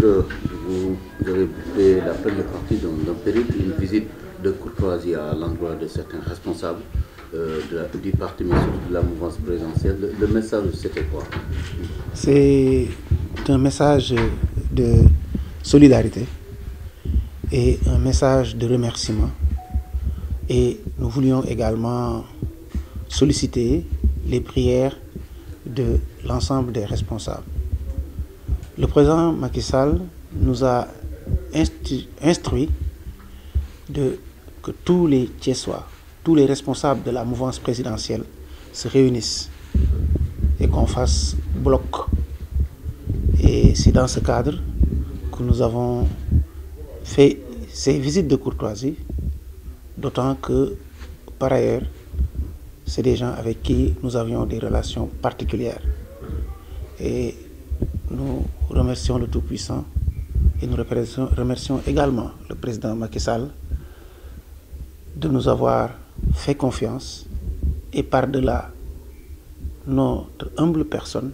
ministre, euh, vous avez fait à l'endroit de certains responsables euh, la, de la mouvance présidentielle. Le, le message, C'est un message de solidarité et un message de remerciement. Et nous voulions également solliciter les prières de l'ensemble des responsables. Le président Macky Sall nous a instru instruit de, que tous les Thiessois, tous les responsables de la mouvance présidentielle se réunissent et qu'on fasse bloc. Et c'est dans ce cadre que nous avons fait ces visites de courtoisie, d'autant que, par ailleurs, c'est des gens avec qui nous avions des relations particulières. Et nous remercions le Tout-Puissant et nous remercions également le président Macky Sall de nous avoir fait confiance et par-delà notre humble personne,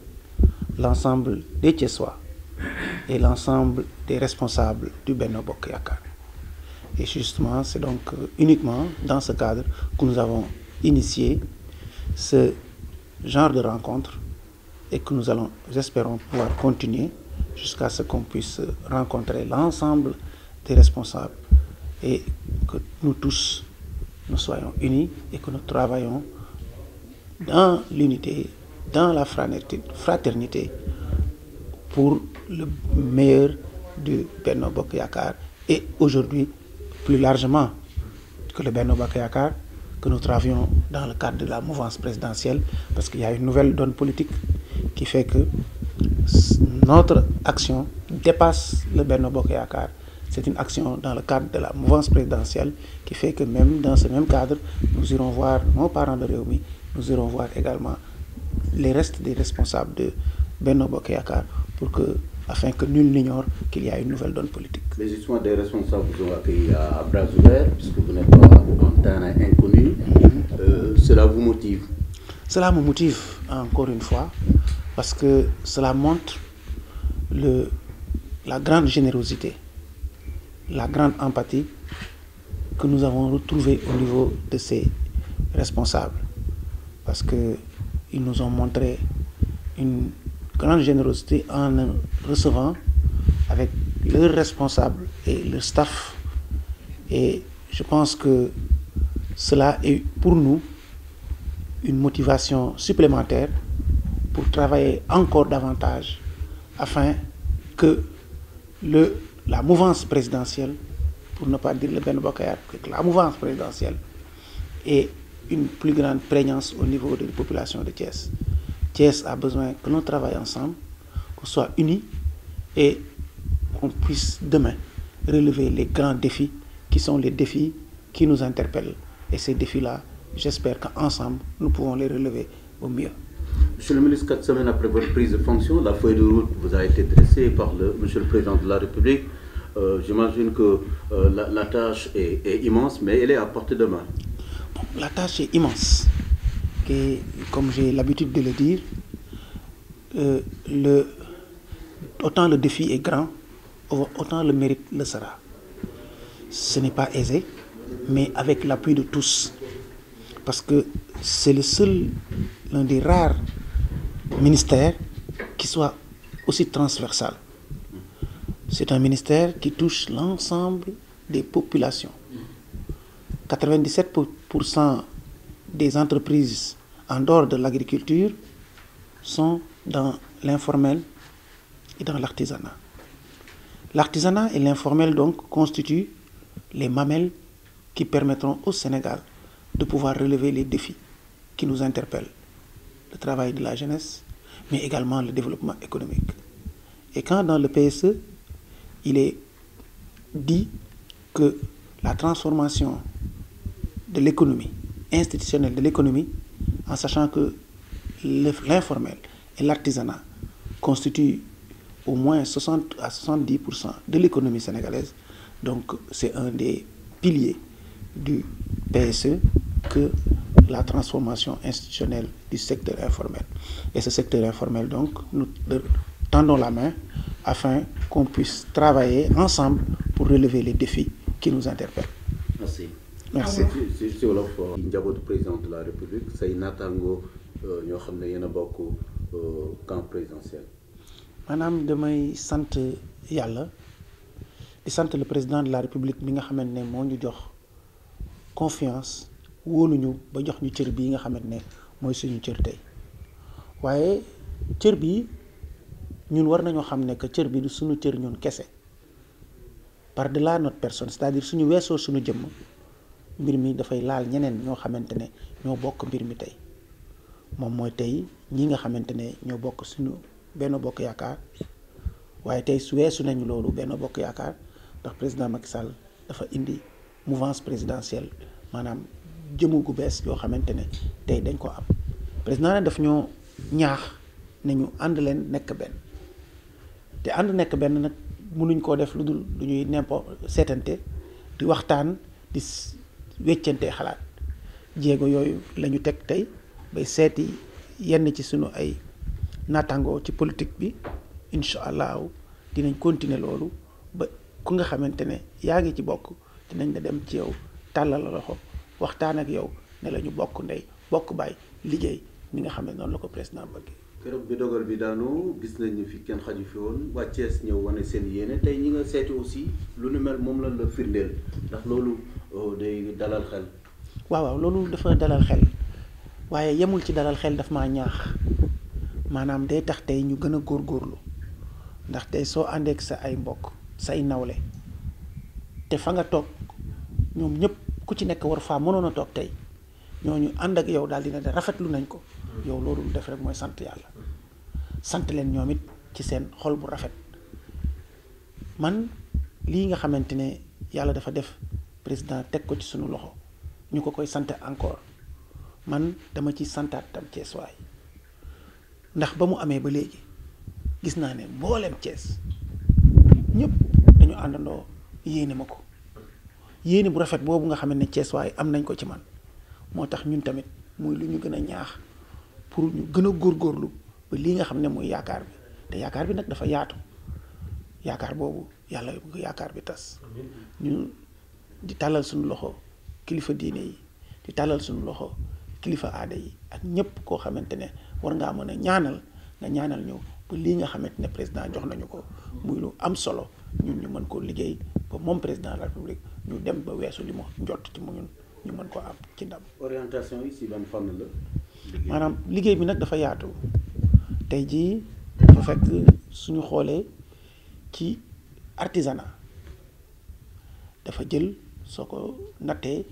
l'ensemble des Tchessois et l'ensemble des responsables du Benobok Yakar. Et justement, c'est donc euh, uniquement dans ce cadre que nous avons initié ce genre de rencontre et que nous allons, nous espérons pouvoir continuer jusqu'à ce qu'on puisse rencontrer l'ensemble des responsables et que nous tous, nous soyons unis et que nous travaillons dans l'unité, dans la fraternité, pour le meilleur du Benno Bokk Yakaar et aujourd'hui plus largement que le Benno Bokk Yakaar que nous travaillons dans le cadre de la mouvance présidentielle parce qu'il y a une nouvelle donne politique qui fait que notre action dépasse le Benno Bokk Yaakaar c'est une action dans le cadre de la mouvance présidentielle qui fait que même dans ce même cadre nous irons voir nos parents de Rewmi nous irons voir également les restes des responsables de Benno Bokk Yaakaar pour que afin que nul n'ignore qu'il y a une nouvelle donne politique. Mais justement des responsables vous ont à bras puisque vous n'êtes pas en mm-hmm. euh, vous motive? Cela me motive encore une fois parce que cela montre le, la grande générosité, la grande empathie que nous avons retrouvée au niveau de ces responsables, parce qu'ils nous ont montré une grande générosité en recevant avec leurs responsables et le staff. Et je pense que cela est pour nous une motivation supplémentaire pour travailler encore davantage afin que le, la mouvance présidentielle, pour ne pas dire le Ben Bokayar, que la mouvance présidentielle ait une plus grande prégnance au niveau de population de Thiès. Thiès a besoin que l'on travaille ensemble, qu'on soit unis et qu'on puisse demain relever les grands défis qui sont les défis qui nous interpellent. Et ces défis-là, j'espère qu'ensemble, nous pouvons les relever au mieux. Monsieur le ministre, quatre semaines après votre prise de fonction, la feuille de route vous a été dressée par le Monsieur le Président de la République. Euh, J'imagine que euh, la, la, tâche est, est, immense, mais elle est à portée de main. La tâche est immense. Et comme j'ai l'habitude de le dire, euh, le, autant le défi est grand, autant le mérite le sera. Ce n'est pas aisé, mais avec l'appui de tous. Parce que c'est le seul, l'un des rares ministère qui soit aussi transversal. C'est un ministère qui touche l'ensemble des populations. 97% des entreprises en dehors de l'agriculture sont dans l'informel et dans l'artisanat. L'artisanat et l'informel donc constituent les mamelles qui au Sénégal de pouvoir relever les défis qui nous interpellent. Le travail de la jeunesse, mais également le développement économique. Et quand dans le PSE, il est dit que la transformation de l'économie, institutionnelle de l'économie, en sachant que l'informel et l'artisanat constituent au moins 60 à 70% de l'économie sénégalaise. Donc c'est un des piliers du PSE que la transformation institutionnelle du secteur informel. Et ce secteur informel, donc, nous tendons la main afin qu'on puisse travailler ensemble pour relever les défis qui nous interpellent. Merci. Merci. ci ah, euh, la république say naataango euh, ñoo xam ne yéen a euh, sant yàlla di sant le président de la république bi nga xamante ne moo ñu jox confiance. wóoluñu ba jox ñu cër bii nga xamante ne mooy suñu cër tey waaye cër bii ñun war nañoo xam ne que cër bii suñu cër ñun kese par delà not personne c'est-à-dire suñu weesoo suñu jëmm mbir mi dafay laal ñeneen ñoo xamante ne ñoo bokk mbir mi tey moom mooy tey ñi nga xamante ne ñoo bokk suñu benn bokk yaakaar waaye tey su weesu nañu loolu benn bokk yaakaar ndax président Macky Sall dafa indi mouvance présidentielle maanaam jëmu gu bees yoo xamante ne tey dañ ko am président ne daf ñoo ñaax ne ñu ànd leen nekk benn te ànd nekk benn nag mënuñ koo def lu dul lu ñuy nempo seetante di waxtaan di weccante xalaat jéego yooyu la ñu teg tey bay seeti yenn ci sunu ay naataangoo ci politique bi incha allahu dinañ continuer loolu ba ku nga xamante ne yaa ngi ci bokk dinañ la dem ci yow tàllal la loxo waxtaan ak yow ne la ñu bokk ndey bokk baay liggéey ni nga xam ne noonu la ko président bëggee. keroog bi dogal bi daanu gis nañu fi kenn xaju fi woon waa Thiès ñëw wane seen yéene tey ñi nga seeti aussi lu nu mel moom la la firndeel ndax loolu oh, day dalal xel. waaw waaw loolu dafa dalal xel waaye yemul ci dalal xel daf maa ñaax maanaam day tax tey ñu gën a góorgóorlu ndax tey soo àndeek sa ay mbokk say nawle te fa nga toog ñoom ñëpp. ku ci nekk war faa mënoon a toog tey ñoo ñu ànd ak yow daal dina de rafetlu nañ ko yow loolu lu def rek mooy sant yàlla sant leen ñoom it ci seen xol bu rafet man lii nga xamante ne yàlla dafa def président teg ko ci suñu loxo ñu ko koy sant encore man dama ci santaat tam Cees waay ndax ba mu amee ba léegi gis naa ne mbooleem Cees ñëpp dañu àndandoo yéene ma ko yéene bu rafet boobu nga xam ne Cees waay am nañ ko ci man moo tax ñun tamit muy lu ñu gën a ñaax pour ñu gën a góorgóorlu ba lii nga xam ne mooy yaakaar bi te yaakaar bi nag dafa yaatu yaakaar boobu yàlla bugg yaakaar bi tas ñu di tàllal suñu loxo kilifa diine yi di tàllal suñu loxo kilifa aada yi ak ñëpp koo xamante ne war ngaa mën a ñaanal nga ñaanal ñu ba lii nga xamante ne président jox nañu ko muy lu am solo ñun ñu mën koo liggéey ba moom président la république ñu dem ba weesu li mu njott ci mu ñu mën ko am ci ndam. orientation yi ci ban la. maanaam liggéey bi nag dafa yaatu tey jii dafa fekk suñu xoolee ci artisanat dafa jël soo ko nattee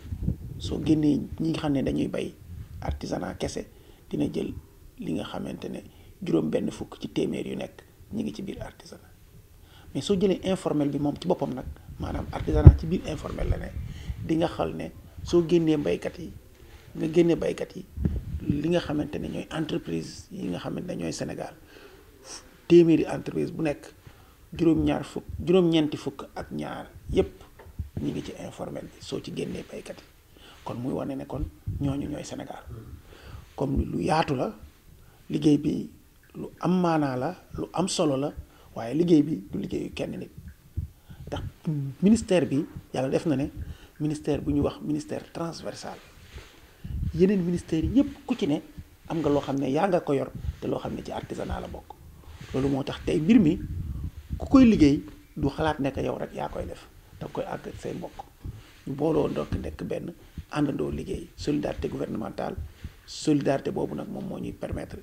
soo génnee ñi nga xam ne dañuy bay artisanat kese dina jël li nga xamante ne juróom benn fukk ci téeméer yu nekk ñi ngi ci biir artisanat mais soo jëlee informel bi moom ci boppam nag. maanaam artisanat ci biir informel la ne di nga xal ne soo génnee baykat yi nga génne baykat yi li nga xamante ne ñooy entreprise yi nga xamante ne ñooy Sénégal téeméeri entreprise bu nekk juróom-ñaar fukk juróom-ñeenti fukk ak ñaar yépp ñu ngi ci informel bi soo ci génnee baykat yi kon muy wane ne kon ñooñu ñooy Sénégal comme lu yaatu la liggéey bi lu am maanaa la lu am solo la waaye liggéey bi du liggéeyu kenn nit ndax ministère bi yàlla def na ne ministère bu ñu wax ministère transversal yeneen ministères yëpp ku ci ne am nga loo xam ne yaa nga ko yor te loo xam ne ci artisanat la bokk loolu moo tax tey mbir mi ku koy liggéey du xalaat nekk yow rek yaa koy def da koy àgg ak say mbokk ñu booloo ndokk nekk benn àndandoo liggéey solidarité gouvernementale solidarité boobu nag moom moo ñuy permettre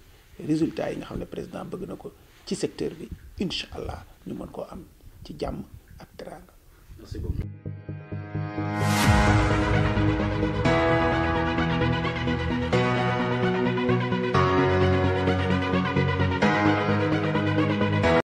résultats yi nga xam ne président bëgg na ko ci secteur bi incha allah ñu mën koo am ci jàmm ak teraanga merci beaucoup